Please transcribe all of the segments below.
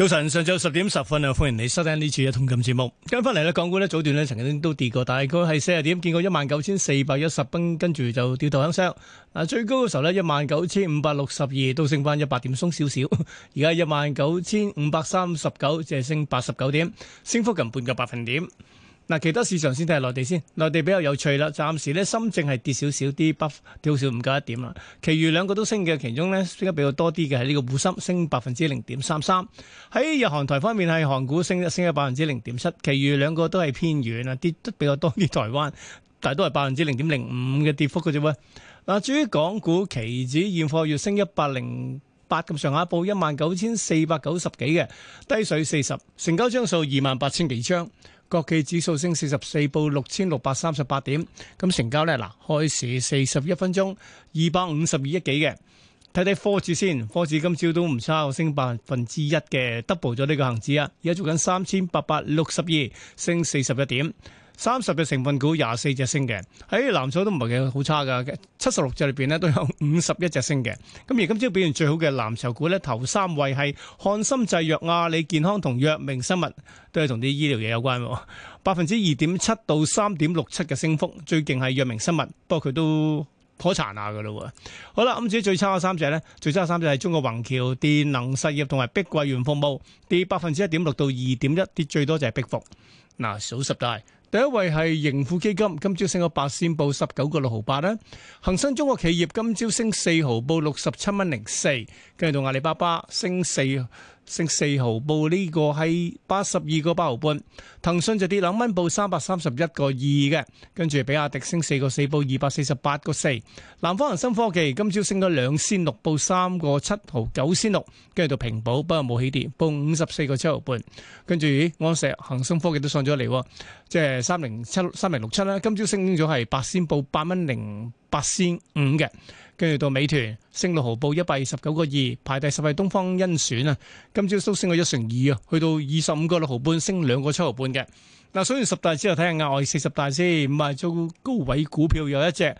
早晨，上晝十點十分啊，歡迎你收聽呢次嘅通感節目。跟翻嚟咧，港股咧早段咧曾經都跌過，大概係四十點，見過一萬九千四百一十蚊，跟住就掉頭向上。啊，最高嘅時候咧，一萬九千五百六十二，都升翻一百點，鬆少少。而家一萬九千五百三十九，淨係升八十九點，升幅近半個百分點。嗱，其他市場先睇下內地先。內地比較有趣啦。暫時咧，深證係跌少少啲，跌少少唔夠一點啦。其餘兩個都升嘅，其中呢升得比較多啲嘅係呢個滬深升百分之零點三三。喺日韓台方面，係韓股升，升咗百分之零點七，其餘兩個都係偏遠啊，跌得比較多啲。台灣但係都係百分之零點零五嘅跌幅嘅啫。嗱，至於港股期指現貨月升一百零八咁上下，報一萬九千四百九十幾嘅低水四十，成交張數二萬八千幾張。國企指數升四十四，報六千六百三十八點。咁成交呢，嗱，開市四十一分鐘，二百五十二億幾嘅。睇睇科指先，科指今朝都唔差，我升百分之一嘅，double 咗呢個恒指啊！而家做緊三千八百六十二，升四十一點。三十嘅成分股，廿四隻升嘅喺藍籌都唔係好差噶。七十六隻裏邊咧，都有五十一隻升嘅。咁而今朝表現最好嘅藍籌股呢，頭三位係漢森製藥、阿里健康同藥明生物，都係同啲醫療嘢有關。百分之二點七到三點六七嘅升幅，最勁係藥明生物，不過佢都頗殘下噶啦。好啦，咁至於最差嘅三隻呢，最差嘅三隻係中國宏橋、電能實業同埋碧桂園服務，跌百分之一點六到二點一，跌最多就係碧福。嗱、啊，數十大。第一位係盈富基金，今朝升咗八仙，報十九個六毫八咧。恒生中國企業今朝升四毫，報六十七蚊零四，繼續到阿里巴巴升四。升四毫，報呢個係八十二個八毫半。騰訊就跌兩蚊，報三百三十一個二嘅，跟住比亞迪升四個四，報二百四十八個四。南方恒生科技今朝升咗兩仙六，報三個七毫九仙六，跟住到平保不過冇起跌，報五十四個七毫半。跟住、哎、安石恒生科技都上咗嚟，即係三零七三零六七啦。今朝升咗係八仙，報八蚊零。八仙五嘅，跟住到美團升六毫，報一百二十九個二，排第十位。東方甄選啊，今朝都升過一成二啊，去到二十五個六毫半，升兩個七毫半嘅。嗱，所以十大之後睇下額外四十大先，唔係做高位股票，有一隻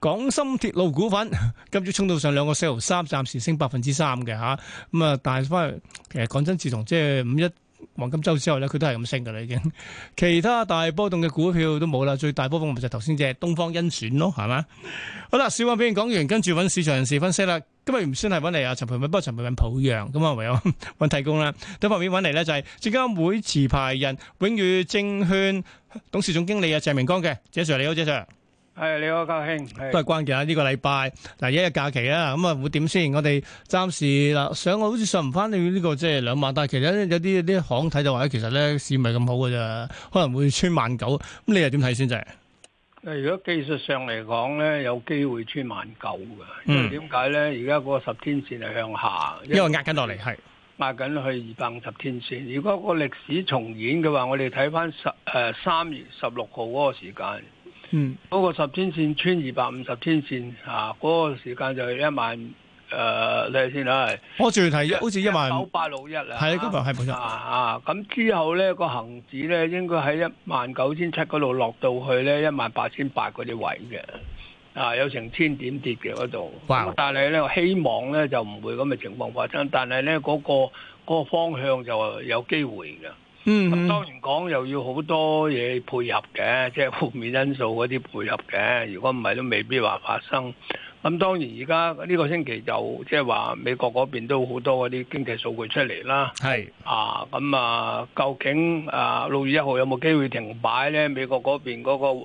廣深鐵路股份，今朝衝到上兩個四毫三，暫時升百分之三嘅嚇。咁啊，但係翻嚟，其實講真，自從即係五一。黃金周之後咧，佢都係咁升噶啦，已經。其他大波動嘅股票都冇啦，最大波動咪就頭先隻東方甄選咯，係咪？好啦，小溫片講完，跟住揾市場人士分析啦。今日唔算係揾嚟阿陳培敏，不過陳培敏抱恙咁啊，唯有揾提供啦。等方面，揾嚟咧就係證監會持牌人永裕證券董事總經理啊謝明光嘅，謝 Sir 你好，謝 Sir。係你好，家兄，都係關鍵啊！呢、這個禮拜嗱，一日假期啊，咁、嗯、啊會點先？我哋暫時嗱上，我好似上唔翻到呢個即係兩萬，但係其實有啲啲行睇就話咧，其實咧市唔係咁好噶咋，可能會穿萬九。咁你又點睇先？就係如果技術上嚟講咧，有機會穿萬九噶，因、嗯、為點解咧？而家嗰個十天線係向下，因為壓緊落嚟，係壓緊去二百五十天線。如果個歷史重演嘅話，我哋睇翻十誒三月十六號嗰個時間。嗯，嗰個十天線穿二百五十天線啊，嗰、嗰個時間就一萬誒、呃，你睇先啦，啊、我仲係好似一萬九八六一啊，係啊，今日係冇錯啊。咁之後咧，嗰個恆指咧，應該喺一萬九千七嗰度落到去咧，一萬八千八嗰啲位嘅，啊有成千點跌嘅嗰度，哇但係咧，我希望咧，就唔會咁嘅情況發生，但係咧，嗰個方向就有機會嘅。嗯，咁，mm hmm。當然講又要好多嘢配合嘅，即係負面因素嗰啲配合嘅，如果唔係都未必話發生。咁當然而家呢個星期就即係話美國嗰邊都好多嗰啲經濟數據出嚟啦。係啊，咁啊，究竟啊六月一號有冇機會停擺咧？美國嗰邊嗰個誒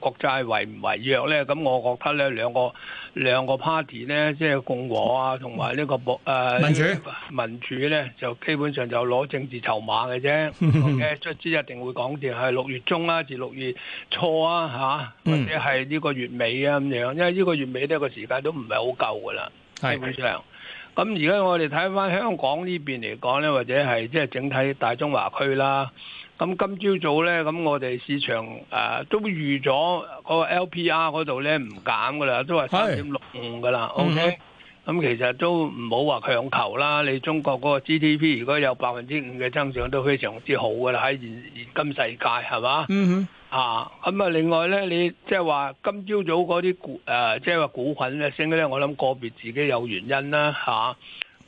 國債違唔違約咧？咁我覺得咧兩個兩個 party 咧，即係共和啊，同埋呢個博誒民主民主咧，就基本上就攞政治籌碼嘅啫。嘅卒之一定會講定係六月中啊，至六月初啊，嚇，或者係呢個月尾啊咁樣，因為呢個月尾都係一個。時間都唔係好夠㗎啦，基本上。咁而家我哋睇翻香港呢邊嚟講呢，或者係即係整體大中華區啦。咁今朝早，早呢，咁我哋市場誒、呃、都預咗個 LPR 嗰度呢唔減㗎啦，都係三點六五㗎啦。OK。嗯哼。咁其實都唔好話強求啦。你中國嗰個 GDP 如果有百分之五嘅增長都非常之好㗎啦，喺現今世界係嘛？嗯哼。啊，咁、嗯、啊，另外咧，你即係話今朝早嗰啲股誒，即係話股份咧升咧，我諗個別自己有原因啦，吓、啊。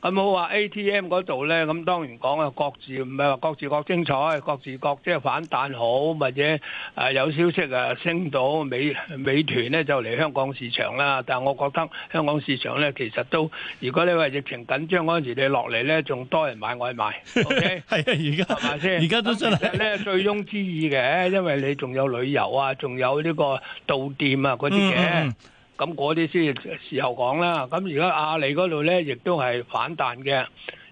咁冇話 ATM 嗰度咧，咁當然講啊，各自唔係話各自各精彩，各自各即係反彈好，或者誒、呃、有消息誒、啊、升到美美團咧就嚟香港市場啦。但係我覺得香港市場咧其實都，如果你話疫情緊張嗰陣時你落嚟咧，仲多人買外賣。O K 係啊，而家係咪先？而家都真係咧，醉翁之意嘅，因為你仲有旅遊啊，仲有呢個酒店啊嗰啲嘅。 咁嗰啲先，時候講啦。咁而家阿里嗰度咧，亦都係反彈嘅。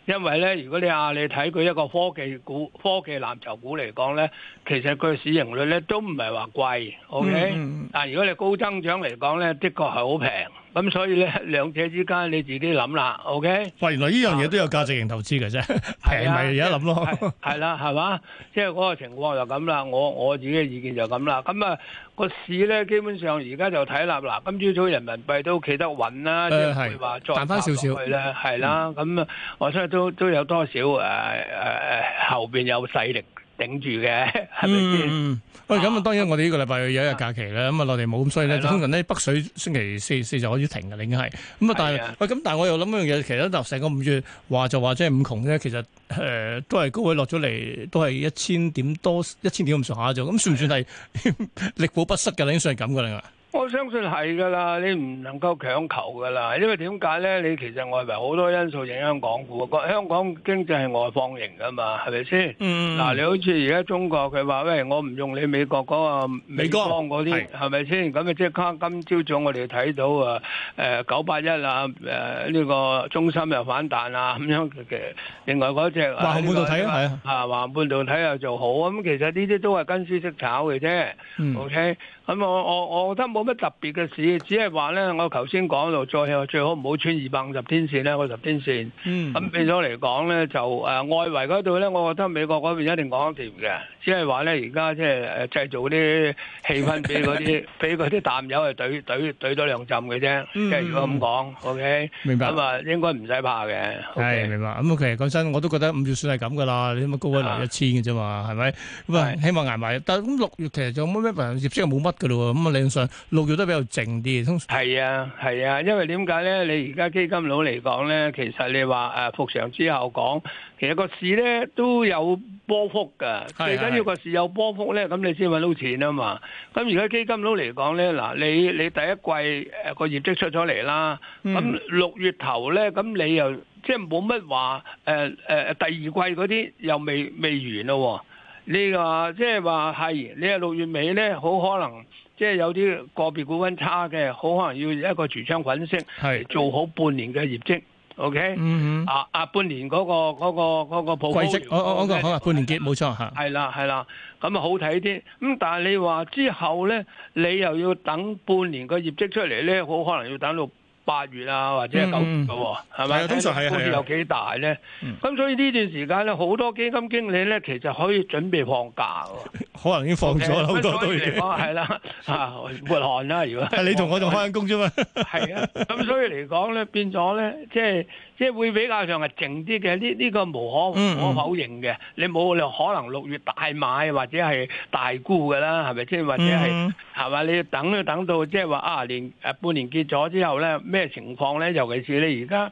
因為咧，如果你阿里睇佢一個科技股、科技藍籌股嚟講咧，其實佢市盈率咧都唔係話貴，OK？但如果你高增長嚟講咧，的確係好平。咁所以咧，兩者之間你自己諗啦，OK？喂，原來呢樣嘢都有價值型投資嘅啫，平咪而家諗咯。係啦，係嘛？即係嗰個情況就咁啦。我我自己嘅意見就咁啦。咁啊個市咧，基本上而家就睇啦。嗱，今朝早人民幣都企得穩啦，即係話賺返少少咧，係啦。咁啊，我真係都都有多少誒誒誒，後邊有勢力。頂住嘅，嗯嗯，喂、嗯，咁、嗯、啊，當然我哋呢個禮拜有一日假期啦，咁啊內地冇，嗯嗯嗯、所以咧，通常呢，是的 北水星期四四就開始停嘅，已經係，咁啊，但係，喂是的、嗯，咁但係我又諗一樣嘢，其實嗱，成個五月話就話即係五窮咧，其實誒、呃、都係高位落咗嚟，都係一千點多，一千點咁上下咗，咁、嗯、算唔算係力保不失嘅？已經算係咁嘅啦。我相信係㗎啦，你唔能夠強求㗎啦，因為點解咧？你其實外圍好多因素影響港股，個香港經濟係外放型㗎嘛，係咪先？嗯，嗱，你好似而家中國佢話喂，我唔用你美國嗰個美光嗰啲，係咪先？咁啊即刻今朝早我哋睇到誒誒九八一啊誒呢個中心又反彈啊咁樣嘅，另外嗰隻華半導體啊，係啊，華半導體就好咁，其實呢啲都係跟書識炒嘅啫。嗯。O K，咁我我我覺得冇。冇乜特別嘅事，只係話咧，我頭先講到，再話最好唔好穿二百五十天線咧，嗰十天線。嗯。咁變咗嚟講咧，就誒外圍嗰度咧，我覺得美國嗰邊一定講得掂嘅，只係話咧，而家即係誒製造啲氣氛俾嗰啲俾嗰啲淡友去隊隊隊多兩浸嘅啫。嗯。即係如果咁講，OK。明白。咁啊，應該唔使怕嘅。係，明白。咁其實講真，我都覺得五月算係咁噶啦，你咁高啊，落一千嘅啫嘛，係咪？咁啊，希望捱埋。但係咁六月其實就冇咩業績又冇乜嘅咯喎，咁啊理論上。六月都比較靜啲，通常係啊係啊，因為點解咧？你而家基金佬嚟講咧，其實你話誒復常之後講，其實個市咧都有波幅㗎。最緊要個市有波幅咧，咁你先搵到錢啊嘛。咁而家基金佬嚟講咧，嗱，你你第一季誒個、呃、業績出咗嚟啦，咁六、嗯、月頭咧，咁你又即係冇乜話誒誒，第二季嗰啲又未未完咯、啊、喎。你話即係話係，你係六月尾咧，好可能即係有啲個別股份差嘅，好可能要一個櫥窗粉飾，係是做好半年嘅業績，OK？嗯嗯，啊啊，半年嗰、嗰個嗰、嗰個嗰好、嗰個、啊，嗯、半年結冇錯嚇，係啦係啦，咁啊好睇啲，咁但係你話之後咧，你又要等半年個業績出嚟咧，好可能要等到。八月啊，或者九月嘅、啊、喎，係咪、嗯、吧通常係係有幾大咧？咁、嗯、所以呢段時間咧，好多基金經理咧，其實可以準備放假喎、啊。 可能已經放咗好多都已經。係啦 Okay,，啊，抹 汗啦，如果你同我仲返緊工啫嘛。係啊，咁、 啊、所以嚟講咧，變咗咧，即係。即係會比較上係靜啲嘅，呢呢個無可可否認嘅。你冇可能六月大買或者係大沽㗎啦，係咪即先？或者係係咪？你等都等到即係話啊年誒、啊、半年結咗之後咧，咩情況咧？尤其是，是、呃、你而家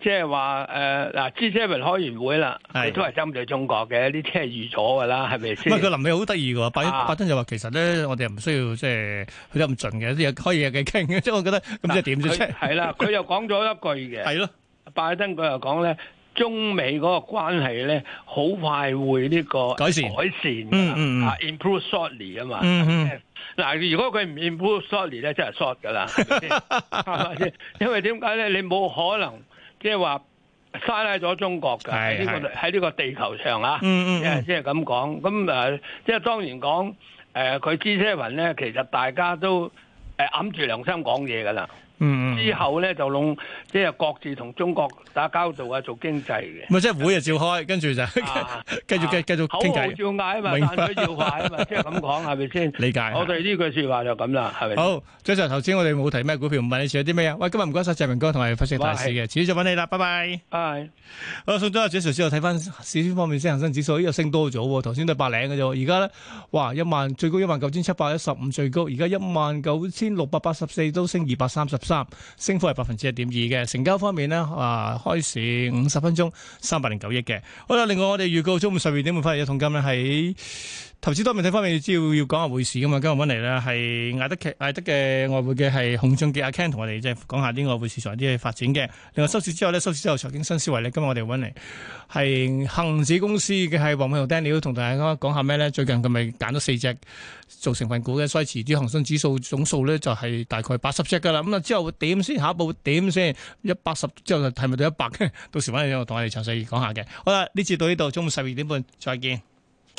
即係話誒嗱，G7 開完會啦，佢都係針對中國嘅，啲嘢預咗㗎、嗯啊、啦，係咪先？唔係臨尾好得意嘅，拜登拜登就話其實咧，我哋又唔需要即係去得咁盡嘅，啲嘢開嘢嘅傾，即係我覺得咁即係點先？即係係啦，佢又講咗一句嘅。係咯。 拜登佢又講咧，中美嗰個關係咧，好快會呢個改善改善，嗯善善善嗯嗯，improve slowly 啊嘛，嗯嗯，嗱如果佢唔 improve slowly 咧，真係 short 噶啦，係咪先？ 因為點解咧？你冇可能即係話嘥低咗中國㗎、這個？喺呢個喺呢個地球上啊，即係即係咁講。咁誒、嗯嗯，即係當然講誒，佢資深雲咧，7, 其實大家都誒揞、呃呃、住良心講嘢㗎啦。嗯嗯，之後咧就弄，即係各自同中國打交道啊，做經濟嘅。咪即係會啊，召開，跟住就，繼續繼繼續傾偈。好，好要嗌啊嘛，慢就啊嘛，即係咁講，係咪先？理解。我哋呢句說話就咁啦，係咪？好，早 Sir 頭先我哋冇提咩股票，唔問你仲有啲咩啊？喂，今日唔該晒謝明光同埋分析大師嘅，遲啲再搵你啦，拜拜。係。好，送咗阿張 Sir 之後，睇翻市面方面，先恒生指數依個升多咗，頭先都係八零嘅啫，而家咧，哇，一萬最高一萬九千七百一十五最高，而家一萬九千六百八十四都升二百三十。三升幅係百分之一點二嘅，成交方面呢啊、呃，開市五十分鐘三百零九億嘅。好啦，另外我哋預告中午十二點會發出一桶金咧，喺投資多媒體方面，主要要講下匯市噶嘛。今日揾嚟呢係艾德嘅外匯嘅係洪俊傑阿 Ken 同我哋即係講下啲外匯市場啲嘅發展嘅。另外收市之後呢，收市之後財經新思維咧，今日我哋揾嚟係恒指公司嘅係黃偉雄 Daniel 同大家講下咩呢？最近佢咪揀咗四隻做成份股嘅，所以恆指恆生指數總數呢，就係大概八十隻噶啦。咁啊之後。會點先？下一步會點先？一百十之後係咪到一百？到時翻嚟我同我哋詳細講下嘅。好啦，呢次到呢度，中午十二點半再見。